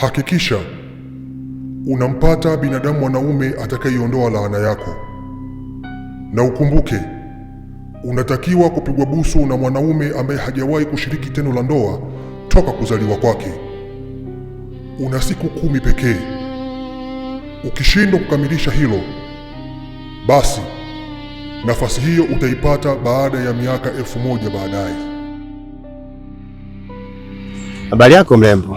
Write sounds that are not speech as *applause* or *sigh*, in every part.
hakikisha unampata binadamu mwanaume atakayeiondoa laana yako, na ukumbuke unatakiwa kupigwa busu na mwanaume ambaye hajawahi kushiriki tendo la ndoa toka kuzaliwa kwake. Una siku kumi pekee. Ukishindwa kukamilisha hilo, basi nafasi hiyo utaipata baada ya miaka elfu moja baadaye. Habari yako mrembo.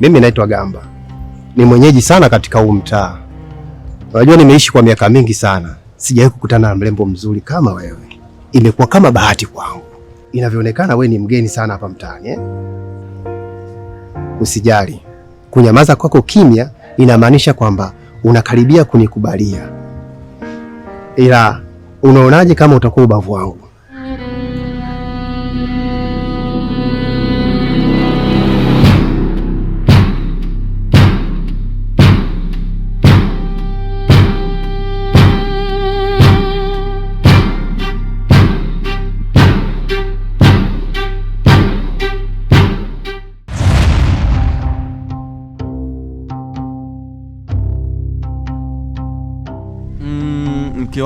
Mimi naitwa Gamba, ni mwenyeji sana katika huu mtaa. Unajua, nimeishi kwa miaka mingi sana, sijawahi kukutana na mrembo mzuri kama wewe. Imekuwa kama bahati kwangu. Inavyoonekana we ni mgeni sana hapa mtaani eh? Usijali, kunyamaza kwako kimya inamaanisha kwamba unakaribia kunikubalia, ila unaonaje kama utakuwa ubavu wangu?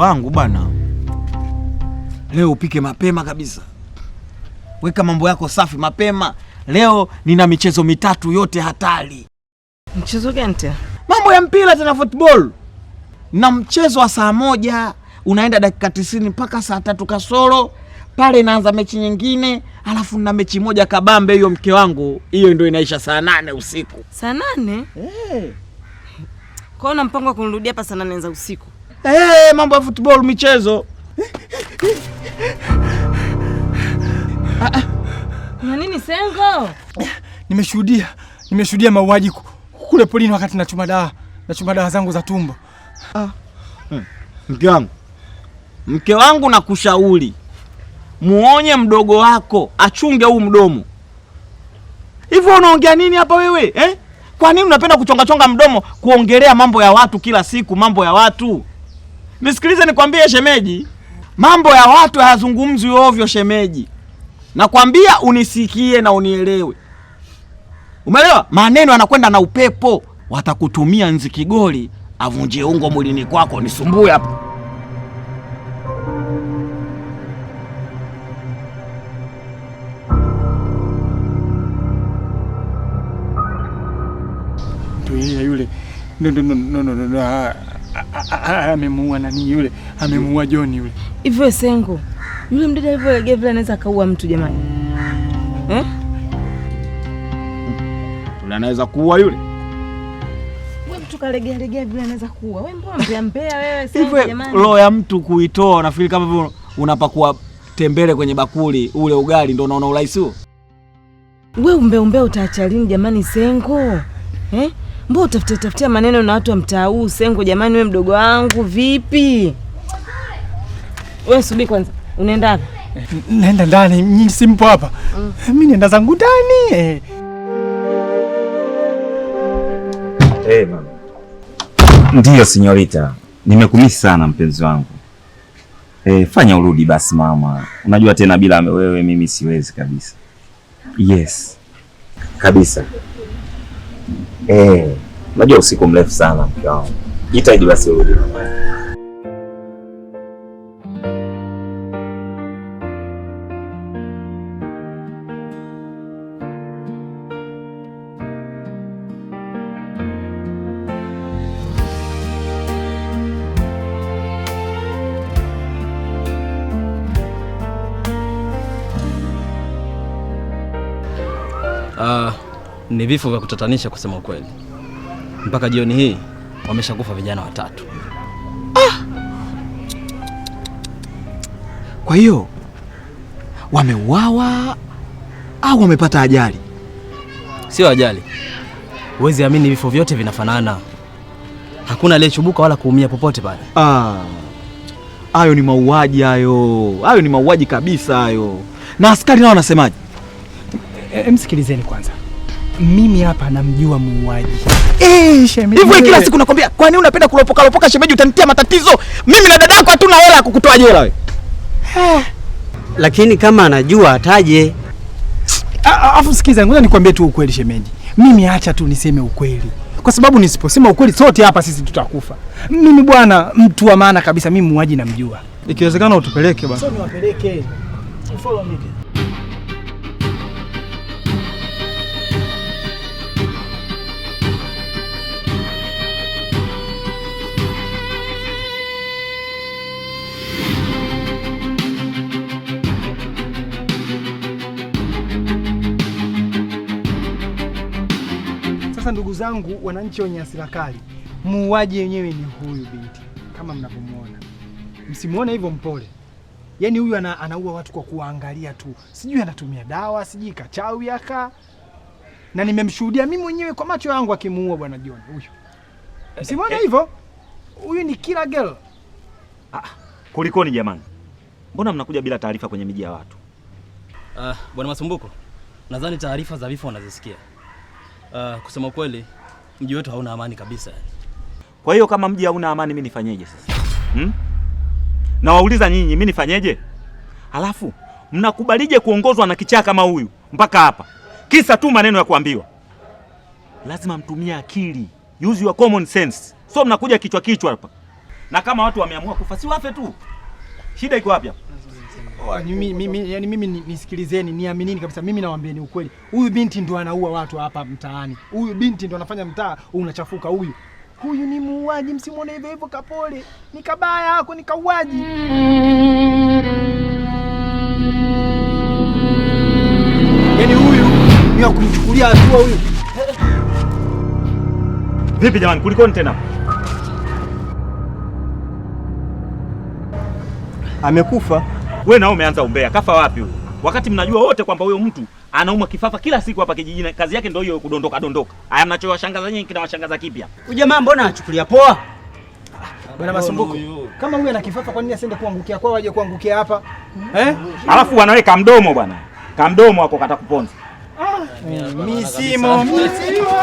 wangu bwana, leo upike mapema kabisa, weka mambo yako safi mapema. Leo nina michezo mitatu yote hatari. Mchezo gani tena? Mambo ya mpira tena, football na mchezo wa saa moja unaenda dakika tisini mpaka saa tatu kasoro pale naanza mechi nyingine, alafu na mechi moja kabambe hiyo, mke wangu, hiyo ndio inaisha saa nane usiku. Saa nane? Hey. Eh. Kwa hiyo mpango wa kunirudia hapa saa nane za usiku? na eh, yeye eh, eh, mambo ya football michezo. Na nini Sengo? Nimeshuhudia, nimeshuhudia mauaji kule polini wakati nachuma dawa, nachuma dawa zangu za tumbo. Ah. Mke wangu, mke wangu, nakushauri muonye mdogo wako achunge huu mdomo. Hivyo unaongea nini hapa wewe eh? Kwa nini unapenda kuchongachonga mdomo kuongelea mambo ya watu kila siku, mambo ya watu Nisikilize nikwambie shemeji, mambo ya watu hayazungumzwi ovyo shemeji. Nakwambia unisikie na unielewe, umeelewa? Maneno yanakwenda na upepo, watakutumia nzi kigoli avunjie ungo mwilini kwako. Nisumbue hapa yule amemuua nani yule, amemuua John yule. Hivyo Sengo, yule mdada alivyolegea vile anaweza akaua mtu jamani eh? Yule anaweza kuua yule legea vile anaweza kuua. Wewe mbea mbea wewe Sengo jamani. Roho ya mtu kuitoa nafikiri kama vile unapakua tembele kwenye bakuli ule ugali ndio unaona urahisi huo. Wewe umbea umbea utaacha lini jamani Sengo eh? mbona utafutia tafutia maneno na watu wa mtaa huu Sengo? Jamani, we mdogo wangu vipi? We subiri kwanza, unaenda wapi? Eh, naenda ndani, nyinyi simpo hapa mm. Mi naenda zangu ndani eh. Hey, eh, mama. Ndiyo sinyorita, nimekumisi sana mpenzi wangu. Eh, fanya urudi basi mama, unajua tena bila wewe mimi siwezi kabisa. Yes kabisa. Eh, unajua usiku mrefu sana mke wangu, jitahidi basi urudi. Ni vifo vya kutatanisha kusema ukweli. Mpaka jioni hii wameshakufa vijana watatu. Ah! Kwa hiyo wameuawa au wamepata ajali? Sio ajali. Huwezi amini, vifo vyote vinafanana, hakuna aliyechubuka wala kuumia popote pale. Ah, hayo ni mauaji hayo, hayo ni mauaji kabisa hayo. Na askari nao wanasemaje? Msikilizeni kwanza mimi hapa namjua muuaji. Eh, shemeji. Hivi kila siku nakwambia, kwa nini unapenda kulopoka lopoka shemeji, utanitia matatizo. Mimi na dada yako hatuna hela ya kukutoa jela wewe. Eh. Lakini kama anajua ataje. Afu sikiza, ngoja nikwambie tu ukweli shemeji. Mimi acha tu niseme ukweli. Kwa sababu nisiposema ukweli sote hapa sisi tutakufa. Mimi bwana, mtu wa maana kabisa, mimi muuaji namjua. Ikiwezekana utupeleke bwana. Sio niwapeleke. Follow me. Sasa ndugu zangu, wananchi wenye hasira kali, muuaji yenyewe ni huyu binti kama mnavyomwona. Msimuone hivyo mpole, yaani huyu ana, anaua watu kwa kuwaangalia tu, sijui anatumia dawa, sijui kachawi aka, na nimemshuhudia mimi mwenyewe kwa macho yangu akimuua bwana John huyu. Msimuone eh, eh. hivyo, huyu ni kila girl. Ah, kulikoni jamani, mbona mnakuja bila taarifa kwenye miji ya watu? Ah, bwana Masumbuko, nadhani taarifa za vifo wanazisikia Uh, kusema kweli mji wetu hauna amani kabisa. Kwa hiyo kama mji hauna amani mimi nifanyeje sasa? Hmm? Nawauliza nyinyi mimi nifanyeje? Halafu mnakubalije kuongozwa na kichaa kama huyu mpaka hapa? Kisa tu maneno ya kuambiwa. Lazima mtumie akili. Use your common sense. So mnakuja kichwa kichwa hapa. Na kama watu wameamua kufa si wafe tu. Shida iko wapi hapa? yani mimi nisikilizeni, niaminini kabisa, mimi nawaambieni ukweli, huyu binti ndo anaua watu hapa mtaani, huyu binti ndo anafanya mtaa unachafuka. Huyu huyu ni muuaji, msimwone hivyo hivyo, kapole ni kabaya ako ni kauaji. Yani huyu ni kumchukulia hatua huyu. Vipi jamani, kulikoni tena? Amekufa. We nao umeanza umbea. Kafa wapi huyo? Wakati mnajua wote kwamba huyo mtu anauma kifafa kila siku hapa kijijini, kazi yake ndio hiyo kudondoka dondoka. Haya, mnachowashangaza nyinyi kinawashangaza kipya. Huyu jamaa mbona achukulia poa? Bwana Masumbuko. Kama huyu ana kifafa kwa nini asiende kuangukia kwao aje kuangukia hapa? Eh? Alafu wanaweka mdomo bwana. Kamdomo wako kata kuponza. Ah, misimo misimo.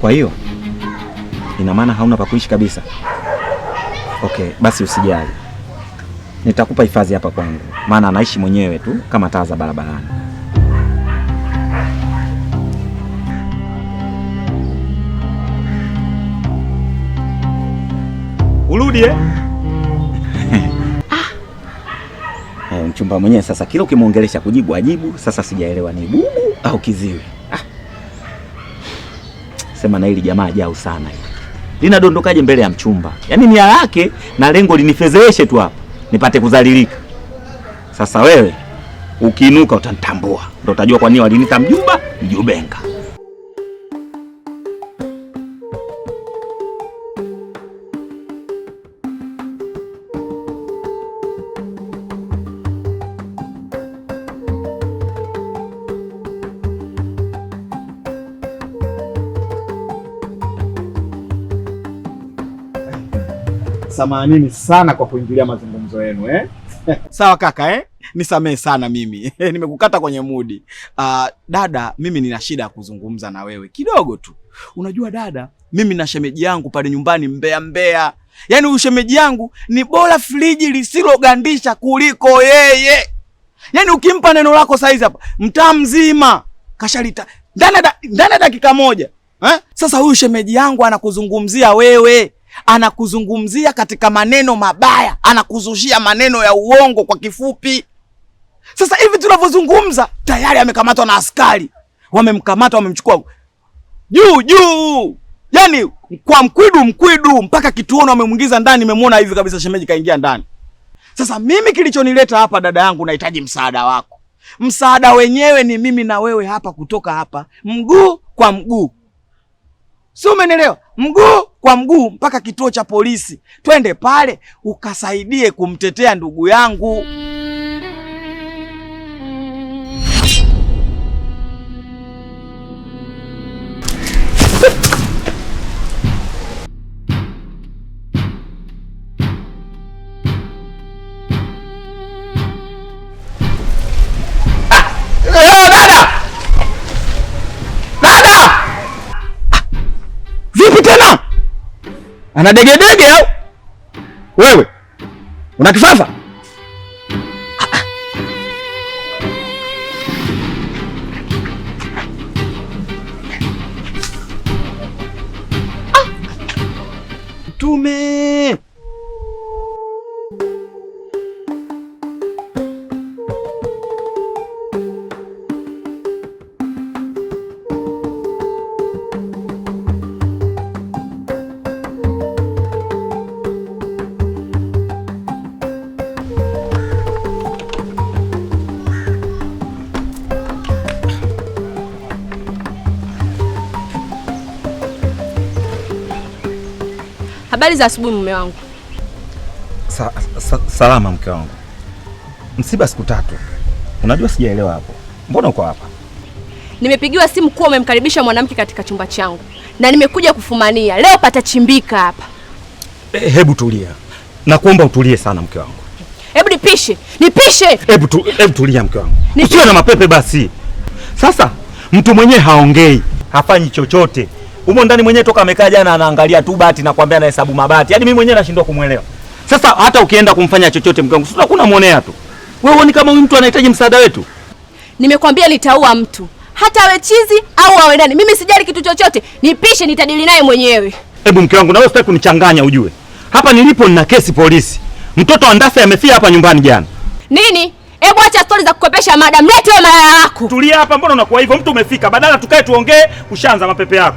Kwa hiyo ina maana hauna pa kuishi kabisa. Okay, basi usijali, nitakupa hifadhi hapa kwangu, maana anaishi mwenyewe tu kama taa za barabarani. Urudi eh? *laughs* Ah, eh, mchumba mwenyewe sasa, kila ukimwongelesha kujibu ajibu. Sasa sijaelewa ni bubu au kiziwi. Ah, sema na hili jamaa jau sana hili linadondokaje mbele ya mchumba? Yaani nia yake na lengo linifezeeshe tu hapa nipate kudhalilika. Sasa wewe ukiinuka utanitambua, ndio utajua kwa nini walinita mjumba mjubenga. samanini sana kwa kuingilia mazungumzo yenu eh? *laughs* Sawa kaka eh? Nisamehe sana mimi *laughs* nimekukata kwenye mudi. Uh, dada, mimi nina shida ya kuzungumza na wewe kidogo tu. Unajua dada, mimi na shemeji yangu pale nyumbani mbea mbea, yaani huyu shemeji yangu ni bora friji lisilogandisha kuliko yeye. Yaani ukimpa neno lako saizi hapa mtaa mzima kashalita ndani ya dakika moja eh? Sasa huyu shemeji yangu anakuzungumzia wewe anakuzungumzia katika maneno mabaya, anakuzushia maneno ya uongo kwa kifupi. Sasa hivi tunavyozungumza tayari amekamatwa na askari, wamemkamata wamemchukua juu juu, yani kwa mkwidu mkwidu mpaka kituoni wamemwingiza ndani. Nimemwona hivi kabisa, shemeji kaingia ndani. Sasa mimi kilichonileta hapa, dada yangu, nahitaji msaada wako. Msaada wenyewe ni mimi na wewe hapa, kutoka hapa mguu kwa mguu, si umenielewa? Mguu kwa mguu mpaka kituo cha polisi, twende pale ukasaidie kumtetea ndugu yangu. Ana degedege au wewe una kifafa? Habari za asubuhi mume wangu. Sa, sa, salama mke wangu. Msiba siku tatu. Unajua sijaelewa hapo. Mbona uko hapa? Nimepigiwa simu kuwa umemkaribisha mwanamke katika chumba changu na nimekuja kufumania. Leo patachimbika hapa. E, hebu tulia. Nakuomba utulie sana mke wangu. Hebu nipishe, nipishe. Hebu tu, hebu tulia mke wangu. Usiwe na mapepe basi. Sasa mtu mwenyewe haongei, hafanyi chochote. Humo ndani mwenyewe toka amekaa jana anaangalia tu bati na kuambia anahesabu mabati. Yaani mimi mwenyewe nashindwa kumuelewa. Sasa hata ukienda kumfanya chochote mkangu, sasa kuna muonea tu. Wewe huoni kama huyu mtu anahitaji msaada wetu? Nimekwambia litaua mtu. Hata awe chizi au awe ndani. Mimi sijali kitu chochote. Nipishe nitadili naye mwenyewe. Hebu mke wangu na wewe usitaki kunichanganya ujue. Hapa nilipo nina kesi polisi. Mtoto wa Ndasa amefia hapa nyumbani jana. Nini? Hebu acha stori za kukopesha madam. Lete wewe malaya yako. Tulia hapa, mbona unakuwa hivyo? Mtu umefika, badala tukae tuongee, ushaanza mapepe yako.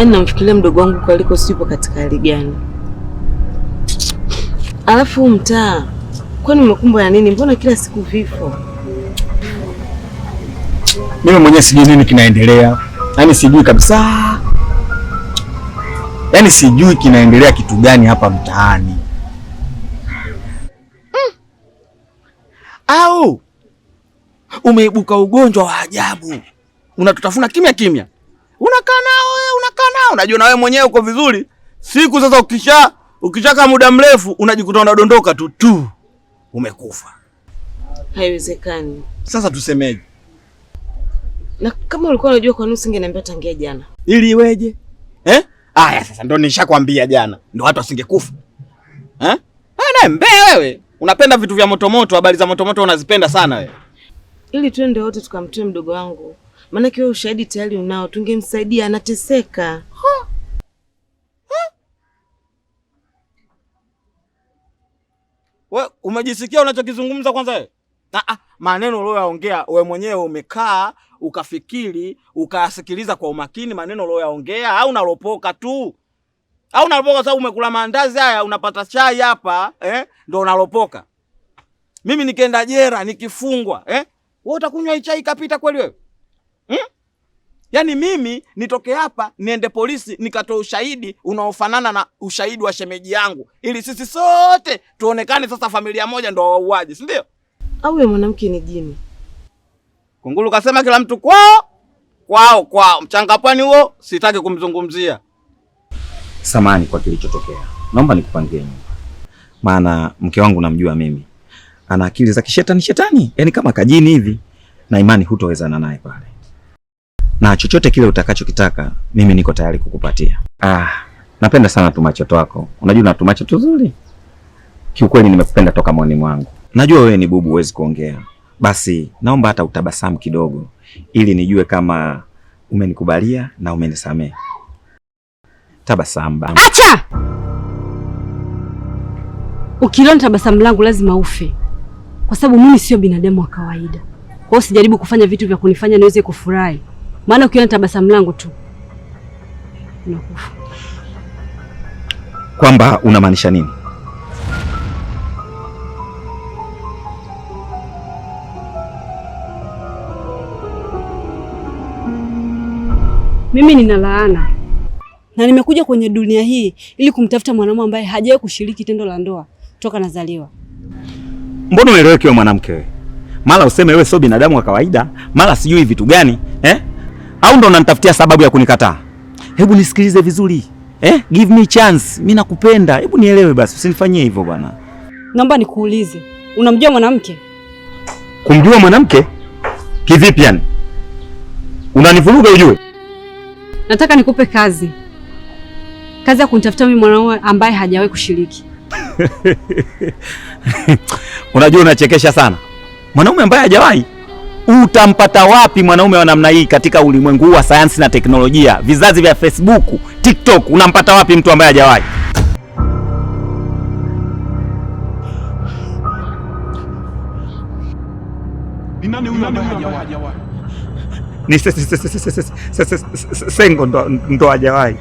Yaani namfikiria mdogo wangu kaliko sipo katika hali gani? Alafu mtaa kwani umekumbwa na nini? Mbona kila siku vifo? Mimi mwenyewe sijui nini kinaendelea, yaani sijui kabisa, yaani sijui kinaendelea kitu gani hapa mtaani. Mm. Au umeibuka ugonjwa wa ajabu unatutafuna kimya kimya, unakaa nao unajua na wewe mwenyewe uko vizuri. Siku sasa ukisha ukishaka muda mrefu unajikuta unadondoka tu tu, umekufa. Haiwezekani. Sasa tusemeje? Na kama ulikuwa unajua, kwa nini usingeniambia tangia jana? Ili iweje? Eh? Aya, sasa ndo nishakwambia jana, Ndio watu wasingekufa. Eh? Naye mbea wewe, unapenda vitu vya motomoto, habari za motomoto unazipenda sana wewe. Ili twende wote tukamtie mdogo wangu Maanake wewe ushahidi tayari unao, tungemsaidia anateseka. huh? We umejisikia unachokizungumza kwanza wewe? Ah, ah, maneno uliyoyaongea we mwenyewe umekaa ukafikiri ukayasikiliza kwa umakini maneno uliyoyaongea au unalopoka tu? Au unalopoka sababu umekula maandazi haya unapata chai hapa eh? Ndio unalopoka. Mimi nikienda jera nikifungwa eh? Wewe utakunywa chai ikapita kweli wewe? hmm? Yaani mimi nitoke hapa niende polisi nikatoe ushahidi unaofanana na ushahidi wa shemeji yangu, ili sisi sote tuonekane sasa familia moja ndo wauaji, si ndio? Au yule mwanamke ni jini? Kunguru kasema kila mtu kwao kwao kwao. Mchangapwani huo sitaki kumzungumzia. Samani kwa kilichotokea, naomba nikupangie nyumba, maana mke wangu namjua mimi, ana akili za kishetani shetani, yaani kama kajini hivi, na imani hutowezana naye pale na chochote kile utakachokitaka mimi niko tayari kukupatia. Ah, napenda sana tumacho twako, unajua na tumacho tuzuri kiukweli, nimekupenda toka moyoni mwangu. Najua wewe ni bubu, huwezi kuongea, basi naomba hata utabasamu kidogo, ili nijue kama umenikubalia na umenisamehe. Tabasamu bana. Acha ukiliona tabasamu langu lazima ufe, kwa sababu mimi sio binadamu wa kawaida. Kwa hiyo sijaribu kufanya vitu vya kunifanya niweze kufurahi maana ukiona tabasamu langu tu unakufa. Kwamba unamaanisha nini? Mimi nina laana na nimekuja kwenye dunia hii ili kumtafuta mwanamume ambaye hajawahi kushiriki tendo la ndoa toka nazaliwa. Mbona unaeleweki wewe mwanamke wewe? Mara useme wewe sio binadamu wa kawaida, mara sijui vitu gani eh? au ndo unanitafutia sababu ya kunikataa? Hebu nisikilize vizuri eh? Give me chance, mimi nakupenda, hebu nielewe basi, usinifanyie hivyo bwana. Naomba nikuulize, unamjua mwanamke? Kumjua mwanamke kivipi? Yani unanivuruga ujue. Nataka nikupe kazi, kazi ya kunitafuta mimi mwanaume ambaye hajawahi kushiriki. *laughs* Unajua unachekesha sana, mwanaume ambaye hajawahi utampata wapi mwanaume wa namna hii katika ulimwengu huu wa sayansi na teknolojia, vizazi vya Facebook, TikTok? Unampata wapi mtu ambaye hajawahi? Ni sengo ndo hajawahi.